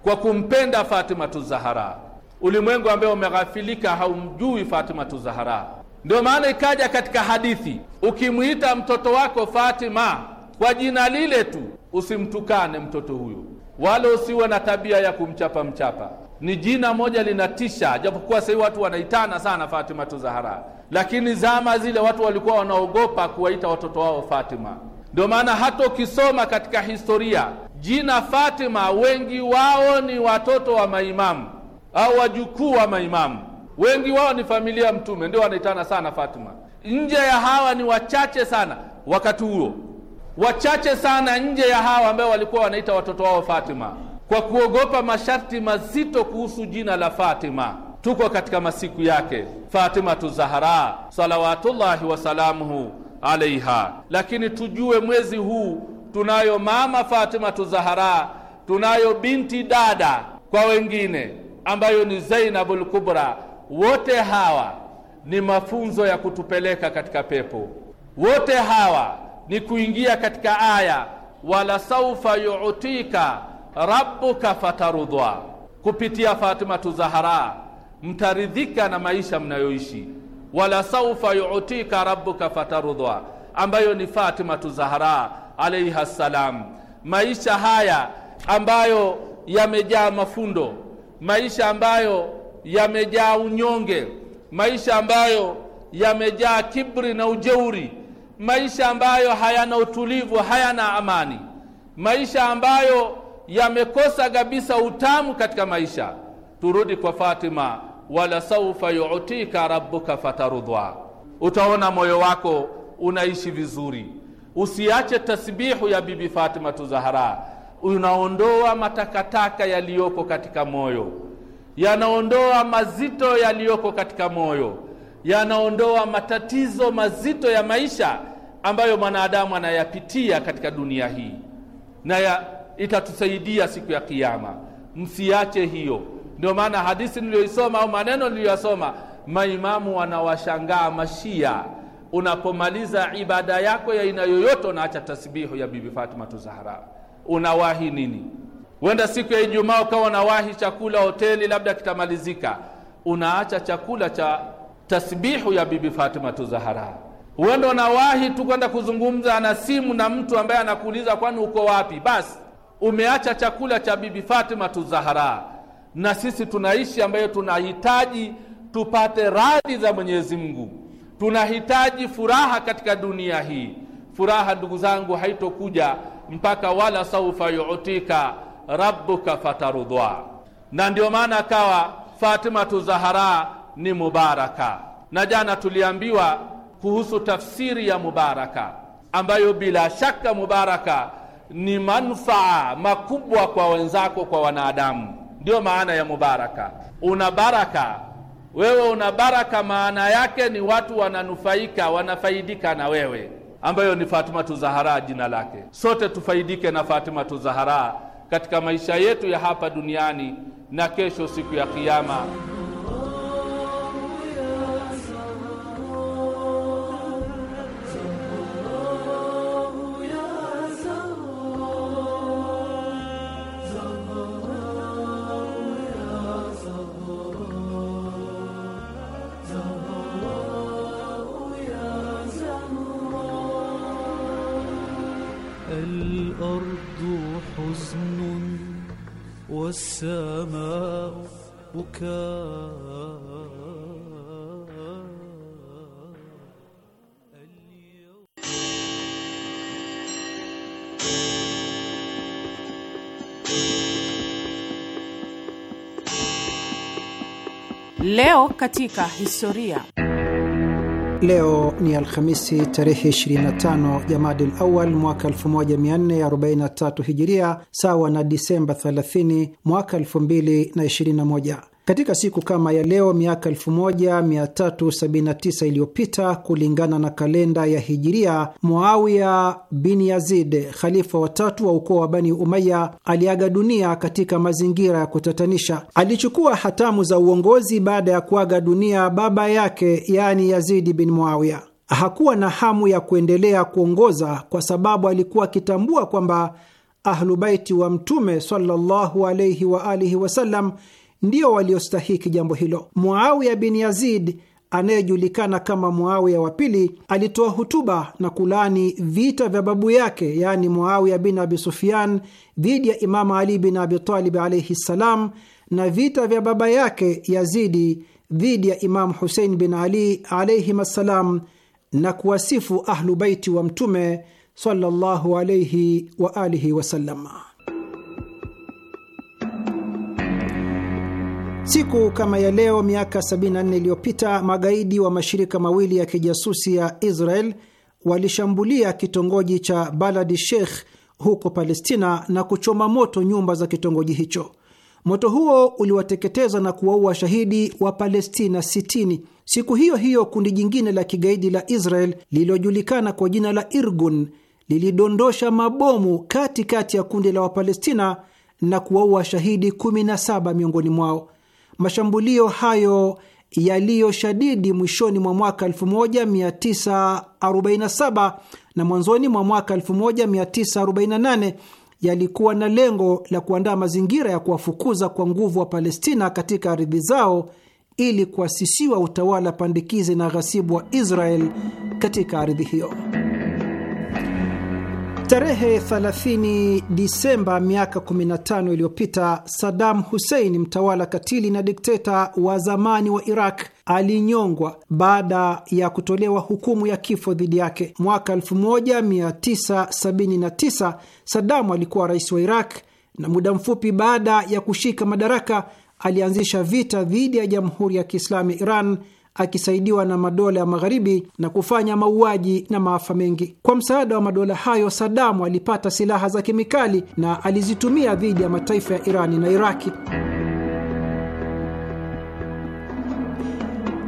Speaker 7: kwa kumpenda fatima Zahara. Ulimwengu ambaye umeghafilika haumjui fatima Zahara. Ndio maana ikaja katika hadithi, ukimwita mtoto wako Fatima kwa jina lile tu, usimtukane mtoto huyo, wala usiwe na tabia ya kumchapa mchapa. Ni jina moja linatisha, japokuwa sahii watu wanaitana sana Fatima tu Zahara, lakini zama zile watu walikuwa wanaogopa kuwaita watoto wao Fatima. Ndio maana hata ukisoma katika historia jina Fatima, wengi wao ni watoto wa maimamu au wajukuu wa maimamu, wengi wao ni familia Mtume, ndio wanaitana sana Fatima. Nje ya hawa ni wachache sana wakati huo wachache sana nje ya hawa ambao walikuwa wanaita watoto wao Fatima kwa kuogopa masharti mazito kuhusu jina la Fatima. Tuko katika masiku yake Fatimatu Zahara salawatullahi wasalamuhu alaiha, lakini tujue mwezi huu tunayo mama Fatimatu Zahara, tunayo binti dada kwa wengine ambayo ni Zainabul Kubra. Wote hawa ni mafunzo ya kutupeleka katika pepo. Wote hawa ni kuingia katika aya wala saufa yu'tika rabbuka fatarudhwa, kupitia Fatima Tuzahara mtaridhika na maisha mnayoishi. Wala saufa yu'tika rabbuka fatarudhwa, ambayo ni Fatima Tuzahara alaiha salam. Maisha haya ambayo yamejaa mafundo, maisha ambayo yamejaa unyonge, maisha ambayo yamejaa kibri na ujeuri maisha ambayo hayana utulivu, hayana amani, maisha ambayo yamekosa kabisa utamu katika maisha. Turudi kwa Fatima, wala saufa yutika rabbuka fatarudhwa, utaona moyo wako unaishi vizuri. Usiache tasbihu ya Bibi Fatima Tuzahara, unaondoa matakataka yaliyoko katika moyo, yanaondoa mazito yaliyoko katika moyo, yanaondoa matatizo mazito ya maisha ambayo mwanadamu anayapitia katika dunia hii na ya, itatusaidia siku ya Kiyama. Msiache hiyo. Ndio maana hadithi niliyoisoma au maneno niliyoyasoma, maimamu wanawashangaa Mashia. Unapomaliza ibada yako ya aina yoyote, unaacha tasbihu ya Bibi Fatima Tuzahara, unawahi nini? Wenda siku ya Ijumaa ukawa unawahi chakula hoteli, labda kitamalizika, unaacha chakula cha tasbihu ya Bibi Fatima Tuzahara huenda unawahi tu kwenda kuzungumza na simu na mtu ambaye anakuuliza kwani uko wapi? Basi umeacha chakula cha Bibi Fatima Tuzahara, na sisi tunaishi ambayo tunahitaji tupate radhi za Mwenyezi Mungu, tunahitaji furaha katika dunia hii. Furaha ndugu zangu haitokuja mpaka wala saufa yuutika rabbuka fatarudhwa. Na ndio maana akawa Fatima Tuzahara ni mubaraka, na jana tuliambiwa kuhusu tafsiri ya mubaraka, ambayo bila shaka mubaraka ni manufaa makubwa kwa wenzako, kwa wanadamu. Ndiyo maana ya mubaraka. Una baraka wewe, una baraka, maana yake ni watu wananufaika, wanafaidika na wewe, ambayo ni Fatima Tuzahara jina lake. Sote tufaidike na Fatima Tuzahara katika maisha yetu ya hapa duniani na kesho siku ya Kiyama.
Speaker 2: Leo katika historia.
Speaker 4: Leo ni Alhamisi tarehe 25 Jamadil Awal mwaka 1443 Hijiria, sawa na Disemba 30 mwaka 2021. Katika siku kama ya leo miaka 1379 iliyopita kulingana na kalenda ya Hijiria, Muawiya bin Yazid, khalifa watatu wa ukoo wa Bani Umaya, aliaga dunia katika mazingira ya kutatanisha. Alichukua hatamu za uongozi baada ya kuaga dunia baba yake, yaani Yazidi bin Muawiya. Hakuwa na hamu ya kuendelea kuongoza kwa sababu alikuwa akitambua kwamba Ahlubaiti wa Mtume sallallahu alaihi waalihi wasallam ndio waliostahiki jambo hilo. Muawiya bin Yazid anayejulikana kama Muawiya wa pili alitoa hutuba na kulaani vita vya babu yake, yaani Muawiya bin Abi Sufyan dhidi ya Imamu Ali bin Abi Talib alaihi ssalam, na vita vya baba yake Yazidi dhidi ya Imamu Husein bin Ali alaihim assalam, na kuwasifu Ahlubaiti wa Mtume sallallahu alaihi wa alihi wasallam. Siku kama ya leo miaka 74 iliyopita magaidi wa mashirika mawili ya kijasusi ya Israel walishambulia kitongoji cha Baladi Sheikh huko Palestina na kuchoma moto nyumba za kitongoji hicho. Moto huo uliwateketeza na kuwaua shahidi wa Palestina 60. Siku hiyo hiyo kundi jingine la kigaidi la Israel lililojulikana kwa jina la Irgun lilidondosha mabomu katikati kati ya kundi la Wapalestina na kuwaua shahidi 17 miongoni mwao. Mashambulio hayo yaliyoshadidi mwishoni mwa mwaka 1947 na mwanzoni mwa mwaka 1948 yalikuwa na lengo la kuandaa mazingira ya kuwafukuza kwa nguvu wa Palestina katika ardhi zao ili kuasisiwa utawala pandikizi na ghasibu wa Israel katika ardhi hiyo. Tarehe 30 Disemba miaka 15 iliyopita, Saddam Hussein, mtawala katili na dikteta wa zamani wa Iraq, alinyongwa baada ya kutolewa hukumu ya kifo dhidi yake. Mwaka 1979 Saddam alikuwa rais wa Iraq na muda mfupi baada ya kushika madaraka alianzisha vita dhidi ya Jamhuri ya Kiislamu ya Iran akisaidiwa na madola ya Magharibi na kufanya mauaji na maafa mengi. Kwa msaada wa madola hayo, Sadamu alipata silaha za kemikali na alizitumia dhidi ya mataifa ya Irani na Iraki.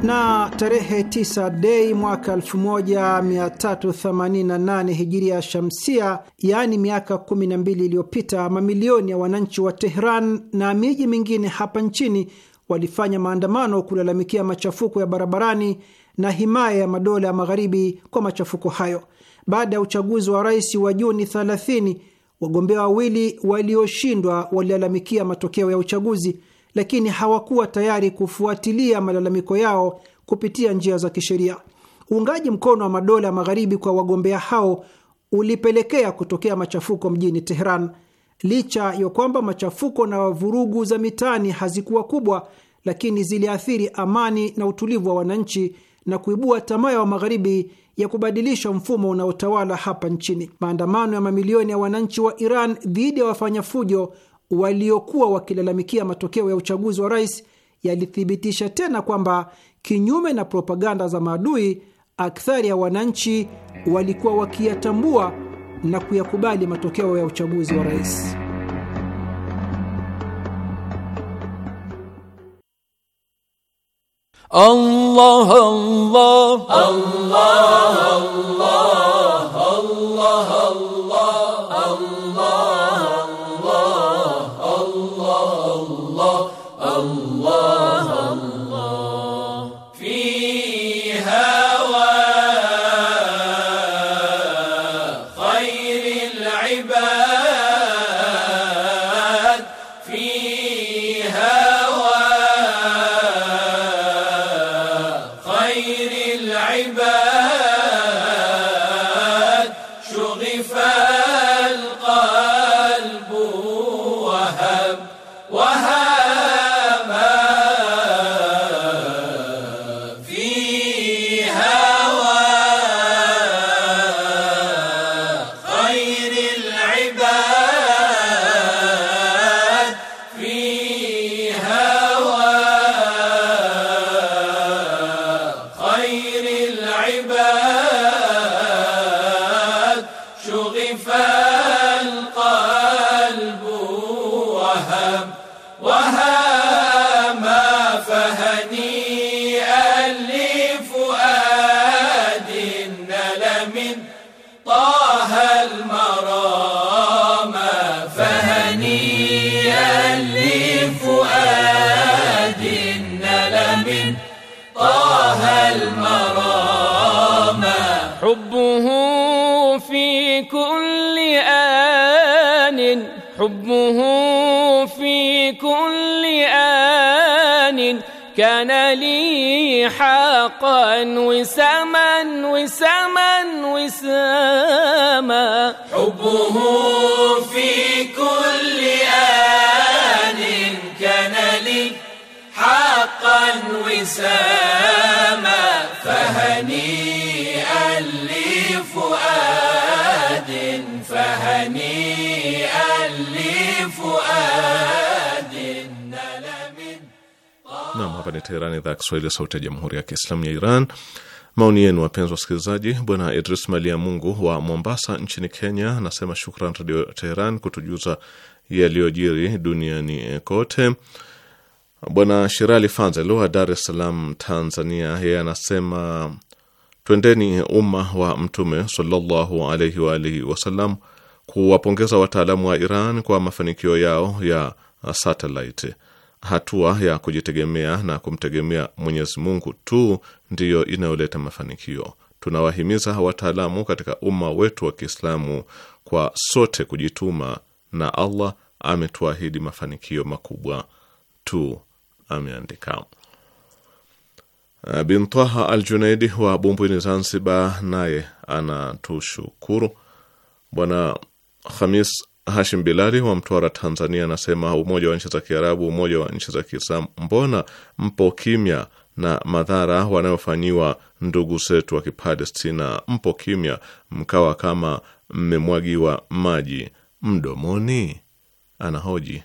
Speaker 4: na tarehe 9 Dei mwaka 1388 hijiria ya shamsia, yaani miaka 12 iliyopita, mamilioni ya wananchi wa Tehran na miji mingine hapa nchini walifanya maandamano kulalamikia machafuko ya barabarani na himaya ya madola ya magharibi kwa machafuko hayo. Baada ya uchaguzi wa rais wa Juni 30, wagombea wawili walioshindwa walilalamikia matokeo ya uchaguzi, lakini hawakuwa tayari kufuatilia malalamiko yao kupitia njia za kisheria. Uungaji mkono wa madola ya magharibi kwa wagombea hao ulipelekea kutokea machafuko mjini Teheran. Licha ya kwamba machafuko na vurugu za mitaani hazikuwa kubwa, lakini ziliathiri amani na utulivu wa wananchi na kuibua tamaa ya wa magharibi ya kubadilisha mfumo unaotawala hapa nchini. Maandamano ya mamilioni ya wananchi wa Iran dhidi ya wafanya fujo waliokuwa wakilalamikia matokeo ya uchaguzi wa rais yalithibitisha tena kwamba kinyume na propaganda za maadui, akthari ya wananchi walikuwa wakiyatambua na kuyakubali matokeo ya uchaguzi wa
Speaker 6: rais. Allah, Allah, Allah, Allah, Allah, Allah.
Speaker 2: كان لي حقا وسما وسما وسما
Speaker 6: حبه
Speaker 1: Hapa ni Teherani, idhaa ya Kiswahili, sauti ya jamhuri ya kiislamu ya Iran. Maoni yenu wapenzi wasikilizaji. Bwana Idris Malia Mungu wa Mombasa nchini Kenya anasema shukran Radio Teheran kutujuza yaliyojiri duniani kote. Bwana Shirali Fanzel wa Dar es Salaam, Tanzania, yeye anasema twendeni umma wa Mtume sallallahu alaihi wa alihi wasallam kuwapongeza wataalamu wa Iran kwa mafanikio yao ya satellite hatua ya kujitegemea na kumtegemea Mwenyezi Mungu tu ndiyo inayoleta mafanikio. Tunawahimiza wataalamu katika umma wetu wa Kiislamu kwa sote kujituma, na Allah ametuahidi mafanikio makubwa tu, ameandika eh, Bintaha Al Junaidi wa Bumbwini, Zanzibar, naye anatushukuru. Bwana Khamis Hashim Bilali wa Mtwara, Tanzania, anasema umoja wa nchi za Kiarabu, umoja wa nchi za Kiislamu, mbona mpo kimya na madhara wanayofanyiwa ndugu zetu wa Kipalestina? Mpo kimya mkawa kama mmemwagiwa maji mdomoni? Anahoji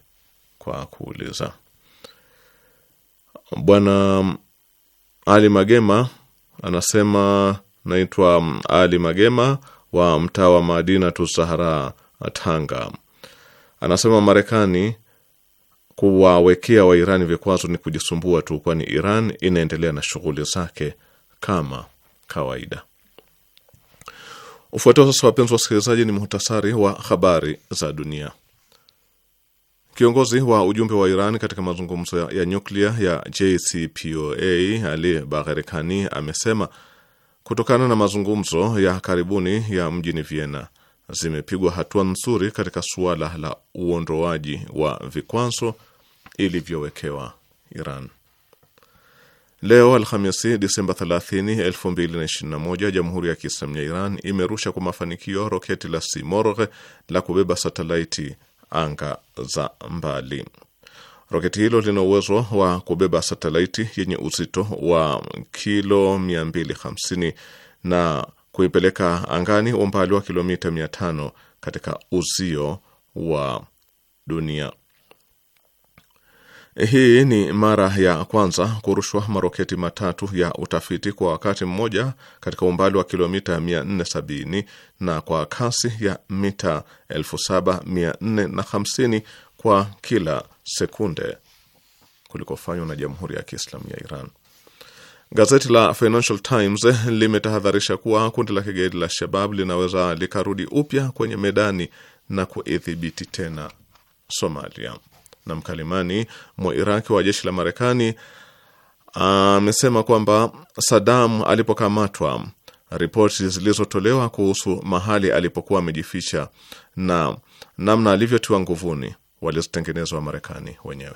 Speaker 1: kwa kuuliza. Bwana Ali Magema anasema naitwa Ali Magema wa mtaa wa Madina tu Tanga. Anasema Marekani kuwawekea Wairani vikwazo ni kujisumbua tu, kwani Iran inaendelea na shughuli zake kama kawaida. Ufuatao sasa, wapenzi wasikilizaji, ni muhtasari wa habari za dunia. Kiongozi wa ujumbe wa Iran katika mazungumzo ya, ya nyuklia ya JCPOA Ali Bagherikani amesema kutokana na mazungumzo ya karibuni ya mjini Vienna zimepigwa hatua nzuri katika suala la uondoaji wa vikwazo ilivyowekewa Iran. Leo Alhamisi, Disemba 30, 2021, Jamhuri ya Kiislamu ya Iran imerusha kwa mafanikio roketi la Simorgh la kubeba satelaiti anga za mbali. Roketi hilo lina uwezo wa kubeba satelaiti yenye uzito wa kilo 250 na kuipeleka angani umbali wa kilomita 500 katika uzio wa dunia. Hii ni mara ya kwanza kurushwa maroketi matatu ya utafiti kwa wakati mmoja katika umbali wa kilomita 470 na kwa kasi ya mita 7450 kwa kila sekunde kulikofanywa na Jamhuri ya Kiislamu ya Iran. Gazeti la Financial Times limetahadharisha kuwa kundi la kigaidi la Shabab linaweza likarudi upya kwenye medani na kuidhibiti tena Somalia. Na mkalimani mwa wa jeshi la Marekani amesema kwamba Saddam alipokamatwa, ripoti zilizotolewa kuhusu mahali alipokuwa amejificha na namna alivyotiwa nguvuni walizotengenezwa marekani wenyewe.